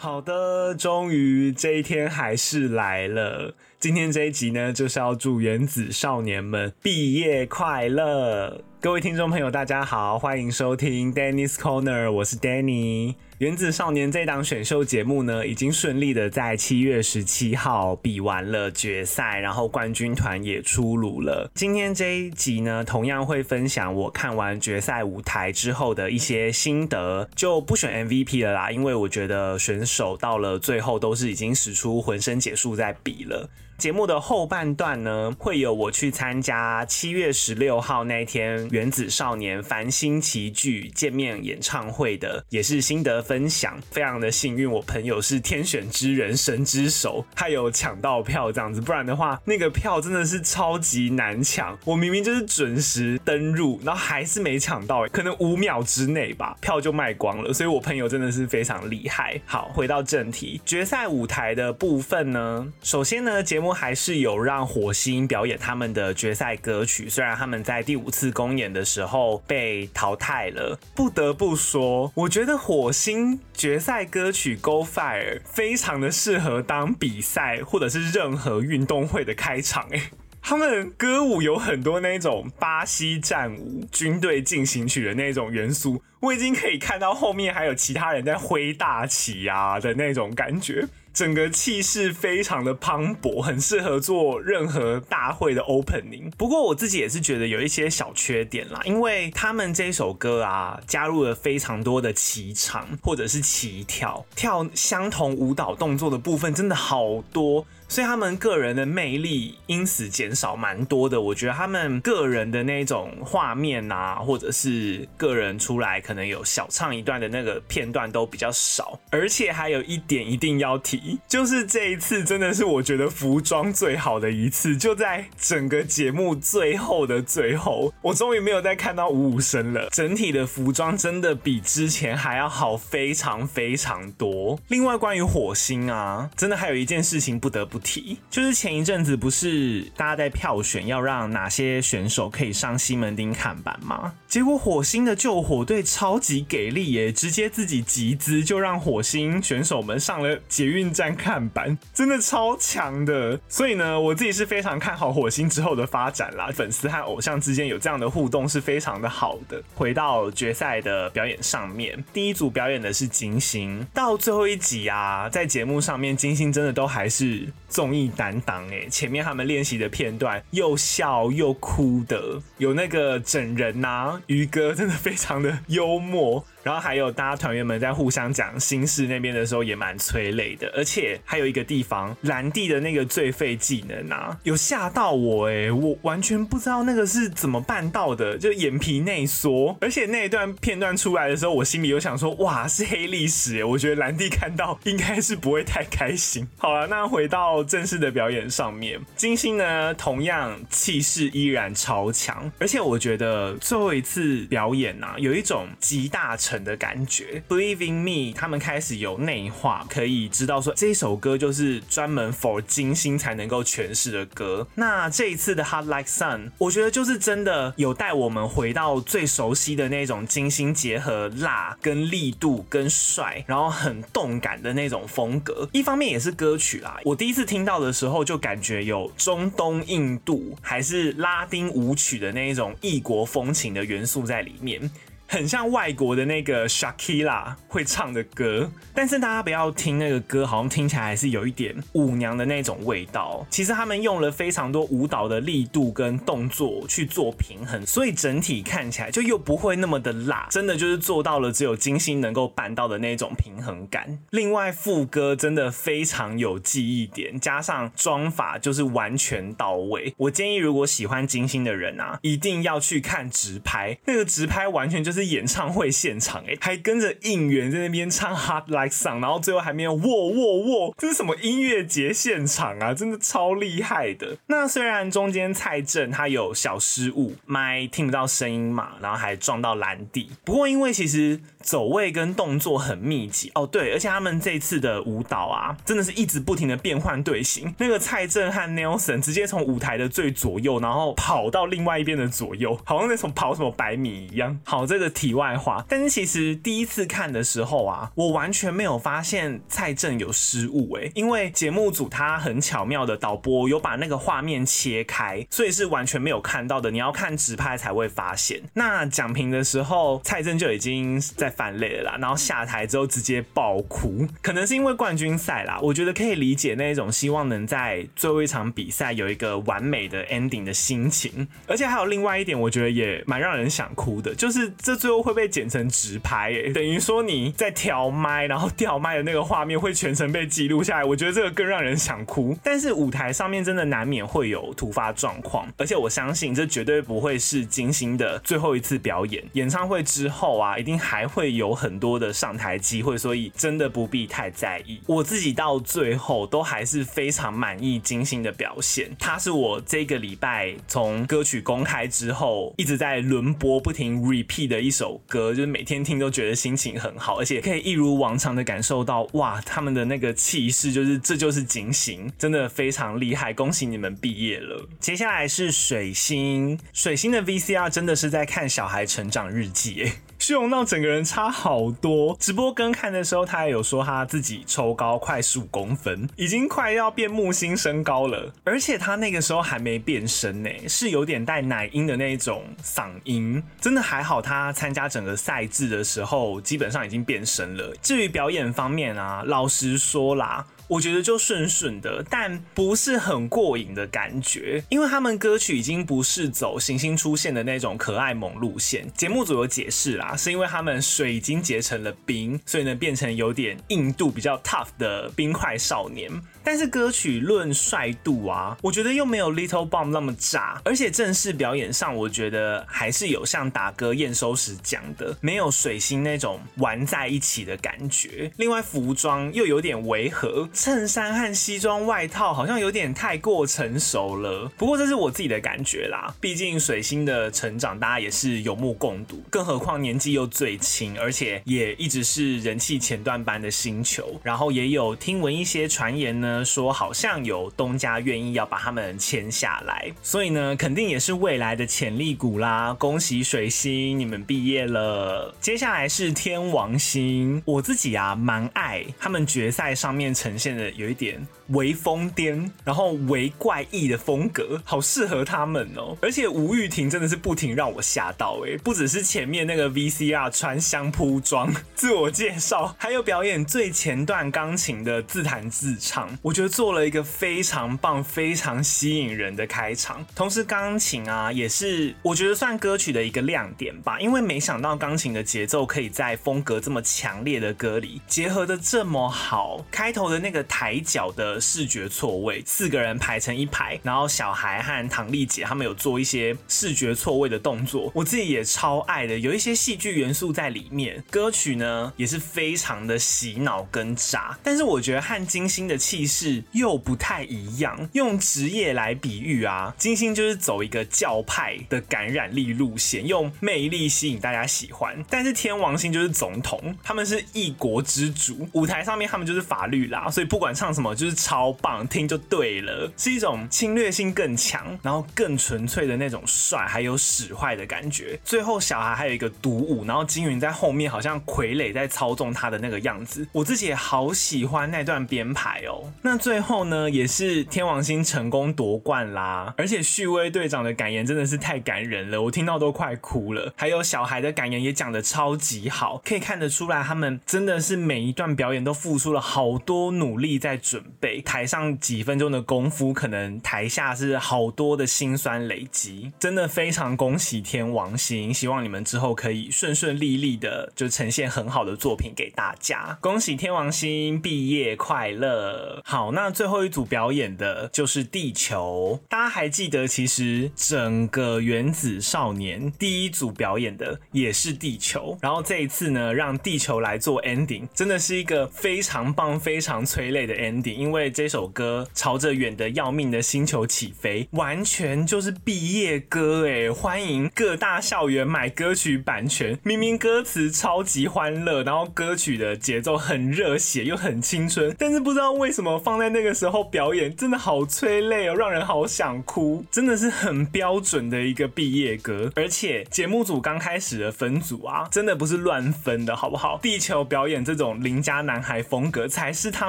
好的，終於這一天還是來了。今天這一集呢，就是要祝原子少年們畢業快樂。各位聽眾朋友，大家好，歡迎收聽 Danny's Corner，我是 Danny。原子少年這檔選秀節目呢，已經順利的在七月十七號比完了決賽，然後冠軍團也出爐了。今天這一集呢，同樣會分享我看完決賽舞台之後的一些心得，就不選 MVP 了啦，因為我覺得選手到了最後都是已經使出渾身解數在比了。節目的後半段呢，會有我去參加七月十六號那天原子少年繁星齊聚見面演唱會的，也是心得分享。非常的幸運，我朋友是天選之人，神之手，他有搶到票這樣子，不然的話，那個票真的是超級難搶。我明明就是準時登入，然後還是沒搶到，可能五秒之內吧，票就賣光了。所以我朋友真的是非常厲害。好，回到正題，決賽舞台的部分呢，首先呢，節目。還是有讓火星表演他們的決賽歌曲，雖然他們在第五次公演的時候被淘汰了。不得不說，我覺得火星決賽歌曲《Go Fire》非常的適合當比賽或者是任何運動會的開場欸。他們歌舞有很多那種巴西戰舞、軍隊進行曲的那種元素，我已經可以看到後面還有其他人在揮大旗啊的那種感覺，整個氣勢非常的磅礴，很適合做任何大會的 opening。不過我自己也是覺得有一些小缺點啦，因為他們這首歌啊加入了非常多的齊唱或者是齊跳，跳相同舞蹈動作的部分真的好多。所以他們個人的魅力因此減少蠻多的，我覺得他們個人的那種畫面啊，或者是個人出來可能有小唱一段的那個片段都比較少。而且還有一點一定要提，就是這一次真的是我覺得服裝最好的一次，就在整個節目最後的最後，我終於沒有再看到五五身了。整體的服裝真的比之前還要好非常非常多。另外關於火星啊，真的還有一件事情不得不。題就是前一陣子不是大家在票選要讓哪些選手可以上西門町看板嗎？結果火星的救火隊超級給力耶、欸，直接自己集資就讓火星選手們上了捷運站看板，真的超強的。所以呢，我自己是非常看好火星之後的發展啦。粉絲和偶像之間有這樣的互動是非常的好的。回到決賽的表演上面，第一組表演的是金星，到最後一集啊，在節目上面金星真的都還是。綜藝擔當哎，前面他們練習的片段又笑又哭的，有那個整人吶、啊，魚哥真的非常的幽默。然後還有大家團員們在互相講心事那邊的時候也蠻催淚的，而且還有一個地方，蘭蒂的那個最廢技能啊，有嚇到我哎、欸，我完全不知道那個是怎麼辦到的，就眼皮內縮，而且那一段片段出來的時候，我心裡有想說，哇，是黑歷史、欸，我覺得蘭蒂看到應該是不會太開心。好了，那回到正式的表演上面，金星呢同樣氣勢依然超強，而且我覺得最後一次表演吶、啊，有一種極大。成的感覺，Believe in me，他們開始有內化，可以知道說這首歌就是專門 for 金星才能夠詮釋的歌。那這一次的 Hot Like Sun，我覺得就是真的有帶我們回到最熟悉的那種金星結合辣跟力度跟帥，然後很動感的那種風格。一方面也是歌曲啦，我第一次聽到的時候就感覺有中東、印度還是拉丁舞曲的那種異國風情的元素在裡面。很像外國的那個 Shakira 會唱的歌，但是大家不要聽那個歌，好像聽起來還是有一點舞娘的那種味道。其實他們用了非常多舞蹈的力度跟動作去做平衡，所以整體看起來就又不會那麼的辣。真的就是做到了只有金星能夠辦到的那種平衡感。另外副歌真的非常有記憶點，加上妝髮就是完全到位。我建議如果喜歡金星的人啊，一定要去看直拍，那個直拍完全就是。是演唱會現場、欸，哎，還跟着應援在那邊唱《Hot Like Song》，然後最後還沒有哇哇哇，這是什麼音樂節現場啊？真的超厲害的。那雖然中間蔡振他有小失誤，麥聽不到聲音嘛，然後還撞到藍地。不過因為其實走位跟動作很密集哦，對，而且他們這次的舞蹈啊，真的是一直不停的變換隊形。那個蔡振和 Nelson 直接從舞台的最左右，然後跑到另外一邊的左右，好像在從跑什麼百米一樣。好，這個。題外話，但是其實第一次看的時候啊，我完全沒有發現蔡正有失誤哎、欸，因為節目組他很巧妙的導播有把那個畫面切開，所以是完全沒有看到的。你要看直拍才會發現。那講評的時候，蔡正就已經在泛淚了啦，然後下台之後直接爆哭，可能是因為冠軍賽啦，我覺得可以理解那一種希望能在最後一場比賽有一個完美的 ending 的心情。而且還有另外一點，我覺得也蠻讓人想哭的，就是這。最後會被剪成直拍欸，等於說你在調麥，然後調麥的那個畫面會全程被記錄下來。我覺得這個更讓人想哭。但是舞台上面真的難免會有突發狀況，而且我相信這絕對不會是金星的最後一次表演。演唱會之後啊，一定還會有很多的上台機會，所以真的不必太在意。我自己到最後都還是非常滿意金星的表現。他是我這個禮拜從歌曲公開之後一直在輪播不停 repeat 的。一首歌，就是每天聽都覺得心情很好，而且可以一如往常的感受到，哇，他們的那個氣勢，就是這就是警醒，真的非常厲害。恭喜你們畢業了。接下來是水星，水星的 VCR 真的是在看小孩成長日記。徐永道整個人差好多，直播跟看的時候，他也有說他自己抽高快十五公分，已經快要變木星身高了。而且他那個時候還沒變聲呢、欸，是有點帶奶音的那種嗓音，真的還好。他參加整個賽制的時候，基本上已經變聲了。至於表演方面啊，老實說啦。我覺得就順順的，但不是很過癮的感覺，因為他們歌曲已經不是走行星出現的那種可愛萌路線。節目組有解釋啦，是因為他們水已經結成了冰，所以呢變成有點硬度比較 tough 的冰塊少年。但是歌曲論帥度啊，我覺得又沒有 Little Bomb 那麼炸，而且正式表演上，我覺得還是有像打歌驗收時講的，沒有水星那種玩在一起的感覺。另外服裝又有點違和。襯衫和西裝外套好像有點太過成熟了，不過這是我自己的感覺啦。畢竟水星的成長大家也是有目共睹，更何況年紀又最輕，而且也一直是人氣前段班的星球。然後也有聽聞一些傳言呢，說好像有東家願意要把他們簽下來，所以呢，肯定也是未來的潛力股啦。恭喜水星，你們畢業了。接下來是天王星，我自己啊蠻愛他們決賽上面呈現。變得有一點微瘋癲，然後微怪異的風格，好適合他們哦、喔。而且吳玉婷真的是不停讓我嚇到哎、欸，不只是前面那個 VCR 穿香撲裝自我介紹，還有表演最前段鋼琴的自彈自唱，我覺得做了一個非常棒、非常吸引人的開場。同時，鋼琴啊，也是我覺得算歌曲的一個亮點吧，因為沒想到鋼琴的節奏可以在風格這麼強烈的歌裡結合得這麼好，開頭的那個。抬腳的視覺錯位，四個人排成一排，然後小孩和唐麗姐他們有做一些視覺錯位的動作，我自己也超愛的。有一些戲劇元素在裡面，歌曲呢也是非常的洗腦跟炸，但是我覺得和金星的氣勢又不太一樣。用職業來比喻啊，金星就是走一個教派的感染力路線，用魅力吸引大家喜歡，但是天王星就是總統，他們是一國之主，舞台上面他們就是法律啦，所以。不管唱什麼就是超棒，聽就對了，是一種侵略性更強，然後更純粹的那種帥，還有使壞的感覺。最後小孩還有一個獨舞，然後金雲在後面好像傀儡在操縱他的那個樣子，我自己也好喜歡那段編排哦、喔。那最後呢，也是天王星成功奪冠啦，而且旭威隊長的感言真的是太感人了，我聽到都快哭了。還有小孩的感言也講得超級好，可以看得出來他們真的是每一段表演都付出了好多努力。努力在準備台上幾分鐘的功夫，可能台下是好多的辛酸累積，真的非常恭喜天王星，希望你們之後可以順順利利的就呈現很好的作品給大家。恭喜天王星畢業快樂！好，那最後一組表演的就是地球，大家還記得，其實整個原子少年第一組表演的也是地球，然後這一次呢，讓地球來做 ending，真的是一個非常棒、非常，催淚的 Andy，因為這首歌朝着遠得要命的星球起飛，完全就是畢業歌誒，歡迎各大校園買歌曲版權。明明歌詞超級歡樂，然後歌曲的節奏很熱血又很青春，但是不知道為什麼放在那個時候表演，真的好催淚哦、喔，讓人好想哭。真的是很標準的一個畢業歌，而且節目組剛開始的分組啊，真的不是亂分的，好不好？地球表演這種鄰家男孩風格才是他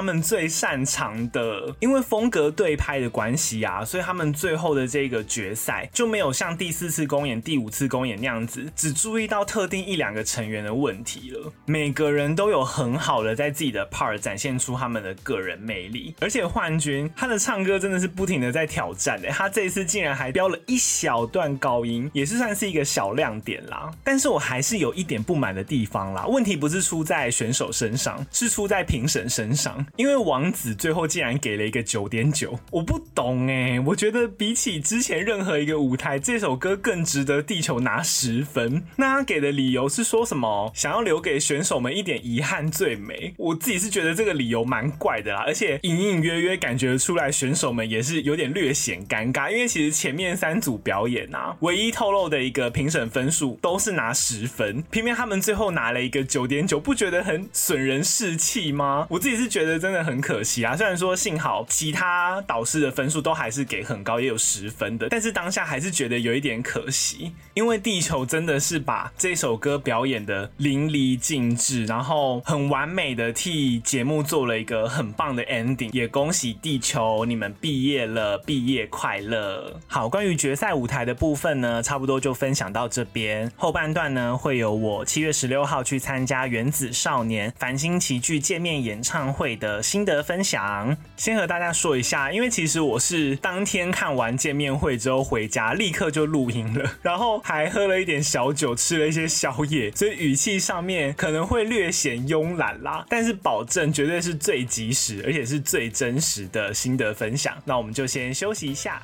們。最擅長的，因為風格對拍的關係啊，所以他們最後的這個決賽就沒有像第四次公演、第五次公演那樣子，只注意到特定一兩個成員的問題了。每個人都有很好的在自己的 part 展現出他們的個人魅力，而且幻君他的唱歌真的是不停的在挑戰，欸，的他這次竟然還飆了一小段高音，也是算是一個小亮點啦。但是我還是有一點不滿的地方啦，問題不是出在選手身上，是出在評審身上，因為。因為王子最後竟然給了一個九點九，我不懂欸，我覺得比起之前任何一個舞台，這首歌更值得地球拿十分。那他給的理由是說什麼？想要留給選手們一點遺憾最美。我自己是覺得這個理由蠻怪的啦，而且隱隱約約感覺出來選手們也是有點略顯尷尬，因為其實前面三組表演啊，唯一透露的一個評審分數都是拿十分，偏偏他們最後拿了一個九點九，不覺得很損人士氣嗎？我自己是覺得真的很可惜啊，雖然說幸好其他導師的分數，都還是給很高，也有十分的，但是當下還是覺得有一點可惜，因為地球真的是把這首歌表演得淋漓盡致，然後很完美的替節目做了一個很棒的 ending，也恭喜地球你們畢業了，畢業快樂。好，關於決賽舞台的部分呢，差不多就分享到這邊，後半段呢會有我七月十六號去參加原子少年繁星齊聚見面演唱會的心得分享，先和大家說一下，因為其實我是當天看完見面會之後回家，立刻就錄音了，然後還喝了一點小酒，吃了一些宵夜，所以語氣上面可能會略顯慵懶啦，但是保證絕對是最及時，而且是最真實的心得分享。那我們就先休息一下。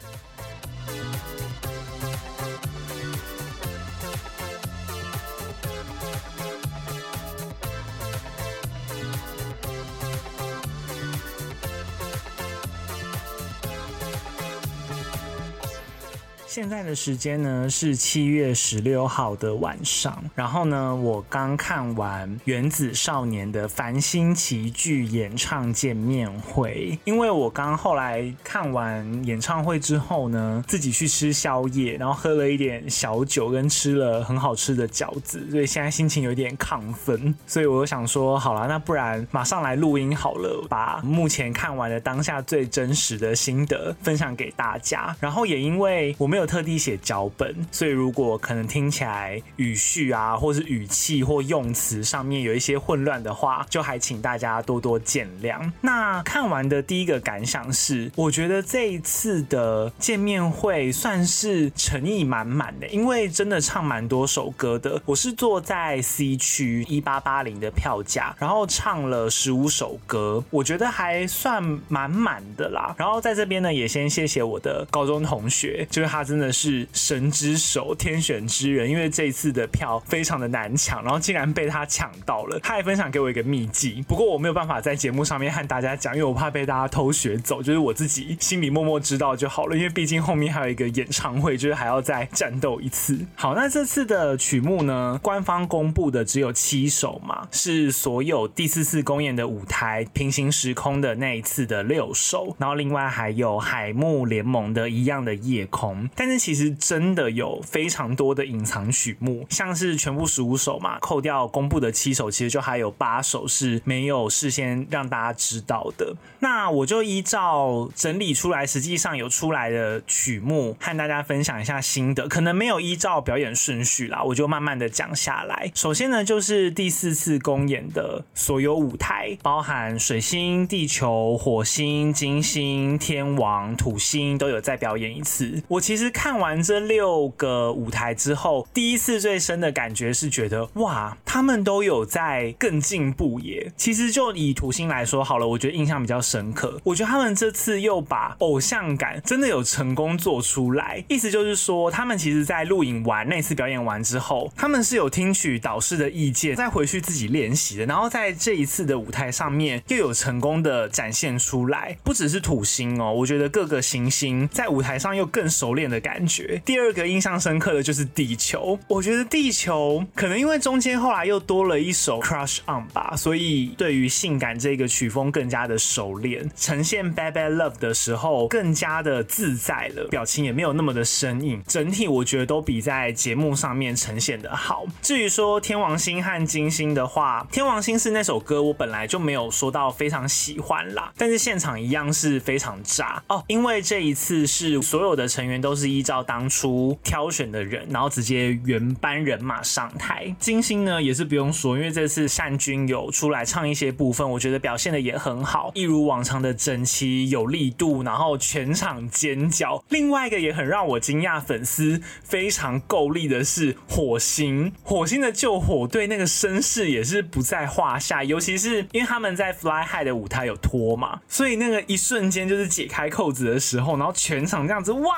現在的時間呢是七月十六號的晚上，然後呢，我剛看完《原子少年》的《繁星奇劇》演唱見面會，因為我剛後來看完演唱會之後呢，自己去吃宵夜，然後喝了一點小酒，跟吃了很好吃的餃子，所以現在心情有點亢奮，所以我想說，好啦，那不然馬上來錄音好了，把目前看完的當下最真實的心得分享給大家，然後也因為我沒有。特地寫腳本，所以如果可能聽起來語序啊，或是語氣或用詞上面有一些混亂的話，就還請大家多多見諒。那看完的第一個感想是，我覺得這一次的見面會算是誠意滿滿的，因為真的唱蠻多首歌的。我是坐在 C 區一八八零的票價，然後唱了十五首歌，我覺得還算滿滿的啦。然後在這邊呢，也先謝謝我的高中同學，就是他茲。真的是神之手，天選之人。因為這次的票非常的難搶，然後竟然被他搶到了。他還分享給我一個秘籍，不過我沒有辦法在節目上面和大家講，因為我怕被大家偷學走，就是我自己心裡默默知道就好了。因為畢竟後面還有一個演唱會，就是還要再戰鬥一次。好，那這次的曲目呢，官方公布的只有七首嘛，是所有第四次公演的舞台平行時空的那一次的六首，然後另外還有海木聯盟的一樣的夜空。但是其實真的有非常多的隱藏曲目，像是全部十五首嘛，扣掉公布的七首，其實就還有八首是沒有事先讓大家知道的。那我就依照整理出來，實際上有出來的曲目，和大家分享一下心得，可能沒有依照表演順序啦，我就慢慢的講下來。首先呢，就是第四次公演的所有舞台，包含水星、地球、火星、金星、天王、土星，都有再表演一次。我其實。其實看完這六個舞台之後，第一次最深的感覺是覺得哇，他們都有在更進步耶。其實就以土星來說好了，我覺得印象比較深刻。我覺得他們這次又把偶像感真的有成功做出來，意思就是說，他們其實，在錄影完那次表演完之後，他們是有聽取導師的意見，再回去自己練習的。然後在這一次的舞台上面，又有成功的展現出來。不只是土星哦，我覺得各個行星在舞台上又更熟練的。的感覺。第二個印象深刻的就是《地球》，我覺得《地球》可能因為中間後來又多了一首《Crush On》吧，所以對於性感這個曲風更加的熟練，呈現《Bad Bad Love》的時候更加的自在了，表情也沒有那麼的生硬，整體我覺得都比在節目上面呈現的好。至於說天王星和金星的話，天王星是那首歌，我本來就沒有說到非常喜歡啦，但是現場一樣是非常炸哦，因為這一次是所有的成員都是。依照當初挑選的人，然後直接原班人馬上台。金星呢也是不用說，因為這次善君有出來唱一些部分，我覺得表現的也很好，一如往常的整齊有力度，然後全場尖叫。另外一個也很讓我驚訝，粉絲非常夠力的是火星，火星的救火隊那個聲勢也是不在話下，尤其是因為他們在 Fly High 的舞台有脫嘛，所以那個一瞬間就是解開扣子的時候，然後全場這樣子哇。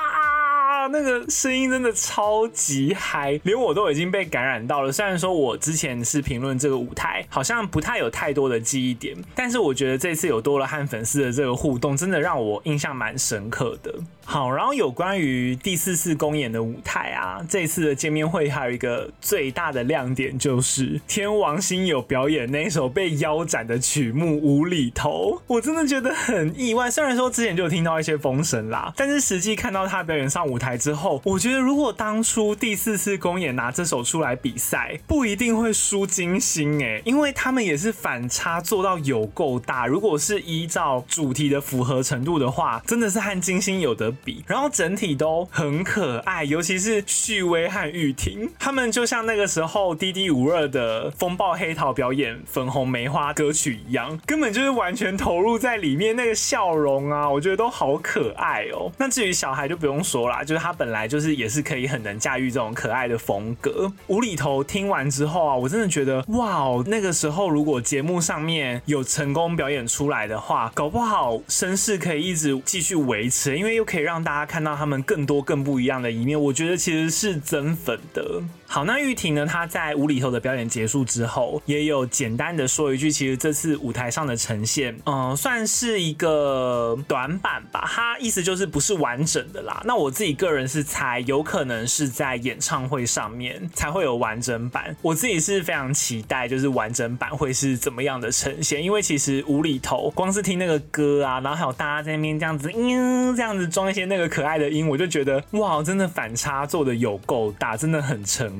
啊，那個聲音真的超級嗨，連我都已經被感染到了。雖然說，我之前是評論這個舞台好像不太有太多的記憶點，但是我覺得這次有多了和粉絲的這個互動，真的讓我印象蠻深刻的。好，然後有關於第四次公演的舞台啊，這次的見面會還有一個最大的亮點就是天王星有表演那首被腰斬的曲目《無厘頭》，我真的覺得很意外。雖然說之前就有聽到一些風聲啦，但是實際看到他表演上舞台。之後，我覺得如果當初第四次公演拿這首出來比賽，不一定會輸金星誒，因為他們也是反差做到有夠大。如果是依照主題的符合程度的話，真的是和金星有得比。然後整體都很可愛，尤其是旭威和玉婷，他們就像那個時候滴滴無二的風暴黑桃表演粉紅梅花歌曲一樣，根本就是完全投入在裡面，那個笑容啊，我覺得都好可愛哦、喔。那至於小孩就不用說了，就他本來就是也是可以很能駕馭這種可愛的風格，無厘頭聽完之後啊，我真的覺得哇哦，那個時候如果節目上面有成功表演出來的話，搞不好聲勢可以一直繼續維持，因為又可以讓大家看到他們更多更不一樣的一面，我覺得其實是增粉的。好，那玉婷呢？她在無厘頭的表演結束之後，也有簡單的說一句，其實這次舞台上的呈現，嗯、呃，算是一個短版吧。她意思就是不是完整的啦。那我自己個人是猜，有可能是在演唱會上面才會有完整版。我自己是非常期待，就是完整版會是怎麼樣的呈現，因為其實無厘頭光是聽那個歌啊，然後還有大家在那邊這樣子嗯，這樣子裝一些那個可愛的音，我就覺得哇，真的反差做得有夠大，打真的很成。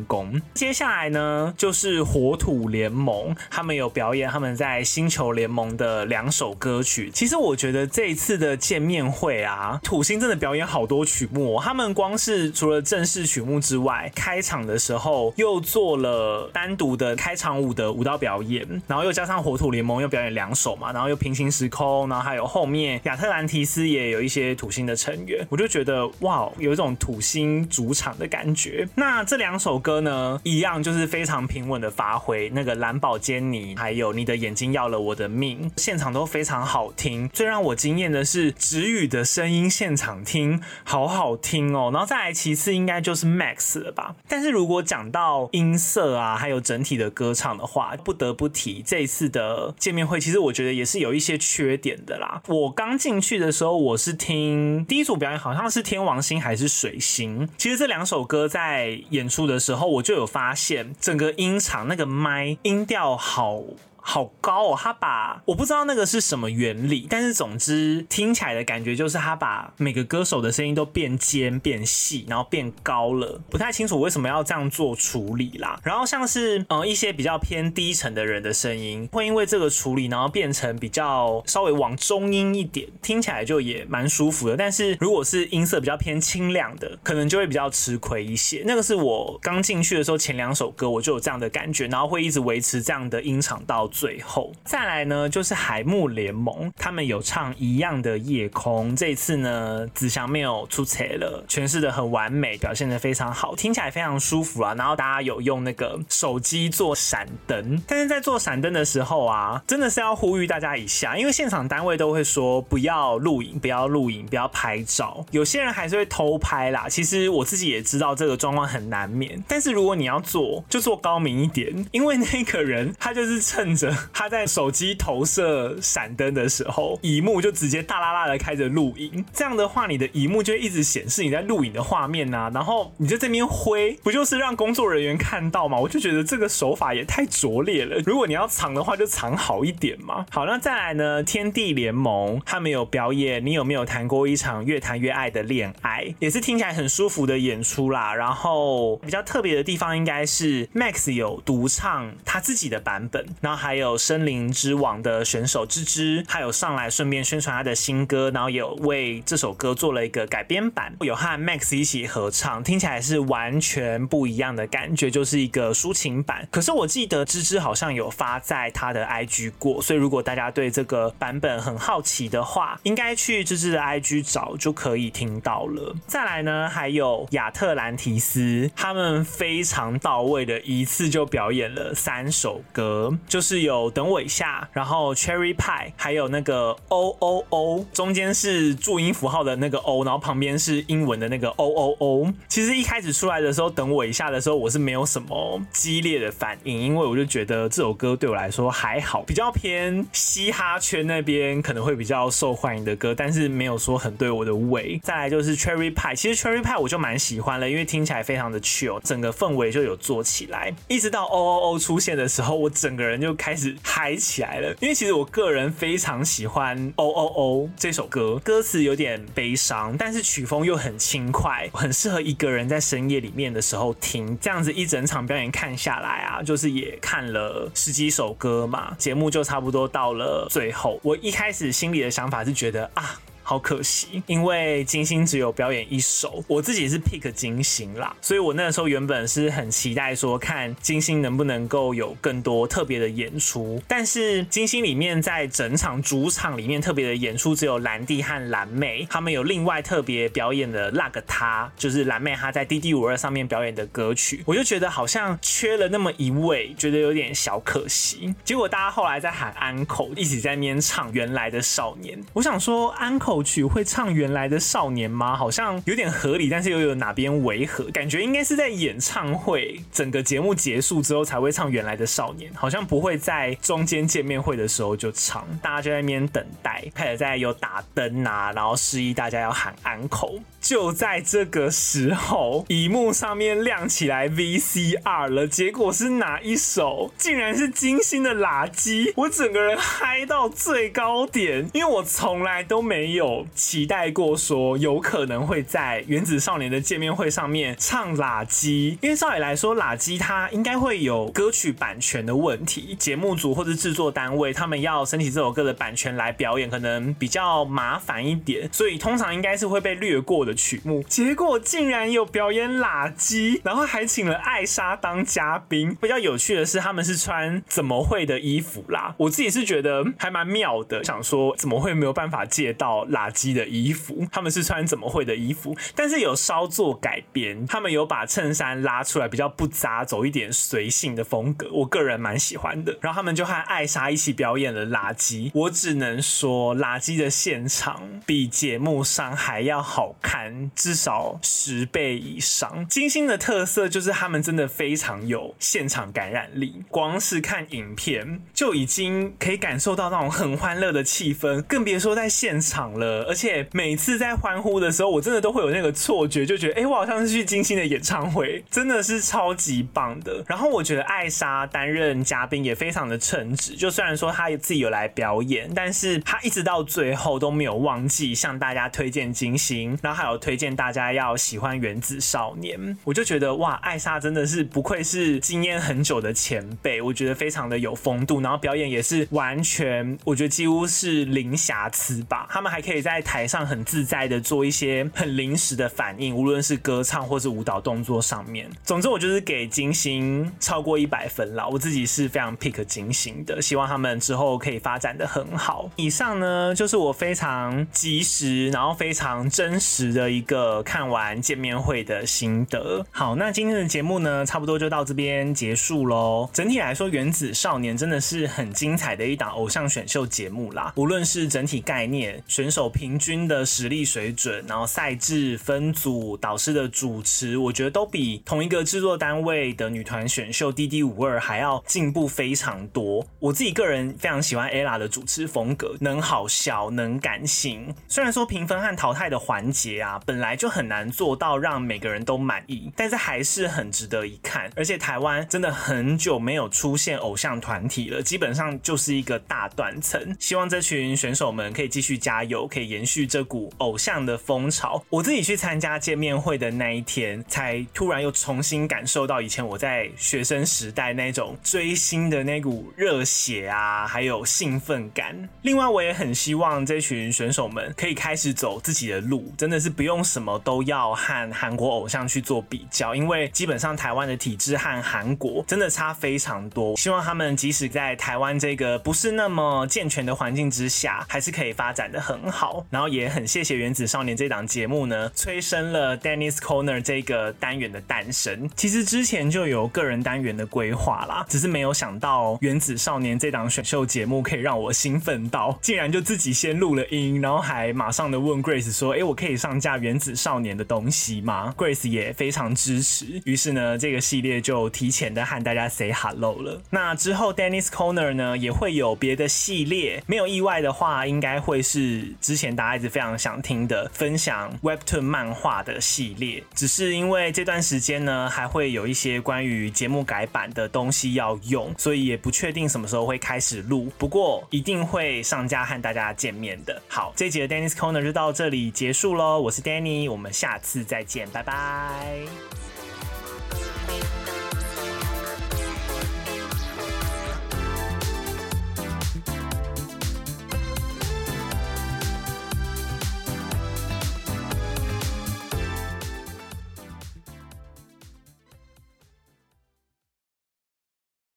接下來呢，就是火土聯盟，他們有表演他們在星球聯盟的兩首歌曲。其實我覺得這一次的見面會啊，土星真的表演好多曲目哦。他們光是除了正式曲目之外，開場的時候又做了單獨的開場舞的舞蹈表演，然後又加上火土聯盟又表演兩首嘛，然後又平行時空，然後還有後面亞特蘭提斯也有一些土星的成員，我就覺得哇，有一種土星主場的感覺。那這兩首歌。歌呢，一樣就是非常平穩的發揮。那個藍寶堅尼，還有你的眼睛要了我的命，現場都非常好聽。最讓我驚豔的是止雨的聲音，現場聽好好聽哦、喔。然後再來，其次應該就是 Max 了吧。但是如果講到音色啊，還有整體的歌唱的話，不得不提這一次的見面會。其實我覺得也是有一些缺點的啦。我剛進去的時候，我是聽第一組表演好像是天王星還是水星。其實這兩首歌在演出的時候。然後我就有發現，整個音場那個麥音調好好高哦！他把我不知道那個是什麼原理，但是總之聽起來的感覺就是他把每個歌手的聲音都變尖、變細，然後變高了。不太清楚為什麼要這樣做處理啦。然後像是嗯一些比較偏低沉的人的聲音，會因為這個處理，然後變成比較稍微往中音一點，聽起來就也蠻舒服的。但是如果是音色比較偏清亮的，可能就會比較吃虧一些。那個是我剛進去的時候前兩首歌我就有這樣的感覺，然後會一直維持這樣的音場到。最後再來呢，就是海木聯盟，他們有唱《一樣的夜空》。這次呢，子祥沒有出彩了，詮釋的很完美，表現的非常好，聽起來非常舒服啊。然後大家有用那個手機做閃燈，但是在做閃燈的時候啊，真的是要呼籲大家一下，因為現場單位都會說不要錄影，不要錄影，不要拍照。有些人還是會偷拍啦。其實我自己也知道這個狀況很難免，但是如果你要做，就做高明一點，因為那個人他就是趁。他在手機投射閃燈的時候，熒幕就直接大啦啦的開着錄影。這樣的話，你的熒幕就會一直顯示你在錄影的畫面吶、啊。然後你在這邊揮，不就是讓工作人員看到嗎？我就覺得這個手法也太拙劣了。如果你要藏的話，就藏好一點嘛。好，那再來呢，天地聯盟他們有表演，你有沒有談過一場越談越愛的戀愛？也是聽起來很舒服的演出啦。然後比較特別的地方應該是 Max 有獨唱他自己的版本，然後還。還有聲林之王的選手芝芝，還有上來順便宣傳他的新歌，然後也有為這首歌做了一個改編版，有和 Max 一起合唱，聽起來是完全不一樣的感覺，就是一個抒情版。可是我記得芝芝好像有發在他的 IG 過，所以如果大家對這個版本很好奇的話，應該去芝芝的 IG 找就可以聽到了。再來呢，還有亞特蘭提斯，他們非常到位的，一次就表演了三首歌，就是。有等我一下，然後 Cherry Pie，還有那個 O O O，中間是注音符號的那個 O，然後旁邊是英文的那個 O O O。其實一開始出來的時候，等我一下的時候，我是沒有什麼激烈的反應，因為我就覺得這首歌對我來說還好，比較偏嘻哈圈那邊可能會比較受歡迎的歌，但是沒有說很對我的胃。再來就是 Cherry Pie，其實 Cherry Pie 我就蠻喜歡了，因為聽起來非常的 chill，整個氛圍就有做起來。一直到 O O O 出現的時候，我整個人就開。開始嗨起來了，因為其實我個人非常喜歡《哦哦哦》這首歌，歌詞有點悲傷，但是曲風又很輕快，很適合一個人在深夜裡面的時候聽。這樣子一整場表演看下來啊，就是也看了十幾首歌嘛，節目就差不多到了最後。我一開始心裡的想法是覺得啊。好可惜，因為金星只有表演一首，我自己是 pick 金星啦，所以我那個時候原本是很期待說，看金星能不能夠有更多特別的演出，但是金星裡面在整場主場裡面特別的演出只有藍弟和藍妹，他們有另外特別表演的那個他，就是藍妹她在 DD 五二上面表演的歌曲，我就覺得好像缺了那麼一位，覺得有點小可惜。結果大家後來在喊安可，一起在那邊唱原來的少年，我想說安可，去會唱原來的少年嗎？好像有點合理，但是又有哪邊違和？感覺應該是在演唱會整個節目結束之後才會唱原來的少年，好像不會在中間見面會的時候就唱。大家就在那邊等待，開始在有打燈啊，然後示意大家要喊安可。就在這個時候，熒幕上面亮起來 VCR 了，結果是哪一首？竟然是金星的垃圾！我整個人嗨到最高點，因為我從來都沒有，期待過說有可能會在《原子少年》的見面會上面唱《垃圾》，因為照理來說，《垃圾》它應該會有歌曲版權的問題，節目組或者製作單位他們要申請這首歌的版權來表演，可能比較麻煩一點，所以通常應該是會被略過的曲目。結果竟然有表演《垃圾》，然後還請了艾莎當嘉賓。比較有趣的是，他們是穿怎麼會的衣服啦？我自己是覺得還蠻妙的，想說怎麼會沒有辦法借到。《垃圾》的衣服，他們是穿怎麼會的衣服？但是有稍作改編，他們有把襯衫拉出來，比較不扎，走一點隨性的風格。我個人蠻喜歡的。然後他們就和艾莎一起表演了《垃圾》。我只能說，《垃圾》的現場比節目上還要好看至少十倍以上。金星的特色就是他們真的非常有現場感染力，光是看影片就已經可以感受到那種很歡樂的氣氛，更別說在現場。而且每次在歡呼的時候，我真的都會有那個錯覺，就覺得哎、欸，我好像是去金星的演唱會，真的是超級棒的。然後我覺得艾莎擔任嘉賓也非常的稱職，就雖然說她自己有來表演，但是她一直到最後都沒有忘記向大家推薦金星，然後還有推薦大家要喜歡原子少年。我就覺得哇，艾莎真的是不愧是經驗很久的前輩，我覺得非常的有風度，然後表演也是完全，我覺得幾乎是零瑕疵吧。他們還可以。可以在台上很自在的做一些很臨時的反應，無論是歌唱或是舞蹈動作上面。總之，我就是給金星超過一百分啦，我自己是非常 pick 金星的，希望他們之後可以發展的很好。以上呢，就是我非常及時，然後非常真實的一個看完見面會的心得。好，那今天的節目呢，差不多就到這邊結束嘍。整體來說，《原子少年》真的是很精彩的一檔偶像選秀節目啦，無論是整體概念、選手，有平均的實力水準，然後賽制分組、導師的主持，我覺得都比同一個制作單位的女團選秀《DD52》還要進步非常多。我自己個人非常喜歡 Ella 的主持風格，能好笑，能感性。雖然說評分和淘汰的環節啊，本來就很難做到讓每個人都滿意，但是還是很值得一看。而且台灣真的很久沒有出現偶像團體了，基本上就是一個大斷層。希望這群選手們可以繼續加油。可以延續這股偶像的風潮。我自己去參加見面會的那一天，才突然又重新感受到以前我在學生時代那種追星的那股熱血啊，還有興奮感。另外，我也很希望這群選手們可以開始走自己的路，真的是不用什麼都要和韓國偶像去做比較，因為基本上台灣的體制和韓國真的差非常多。希望他們即使在台灣這個不是那麼健全的環境之下，還是可以發展得很好。好，然後也很謝謝《原子少年》這檔節目呢，催生了 Danny's Corner 這個單元的誕生。其實之前就有個人單元的規劃啦，只是沒有想到《原子少年》這檔選秀節目可以讓我興奮到，竟然就自己先錄了音，然後還馬上的問 Grace 說：“哎，我可以上架《原子少年》的東西嗎？”Grace 也非常支持，於是呢，這個系列就提前的和大家 say hello 了。那之後 Danny's Corner 呢，也會有別的系列，沒有意外的話，應該會是。之前大家一直非常想聽的分享 Webtoon 漫畫的系列，只是因為這段時間呢，還會有一些關於節目改版的東西要用，所以也不確定什麼時候會開始錄。不過一定會上架和大家見面的。好，這集的 Danny's Corner 就到這裡結束嘍。我是 Danny，我們下次再見，拜拜。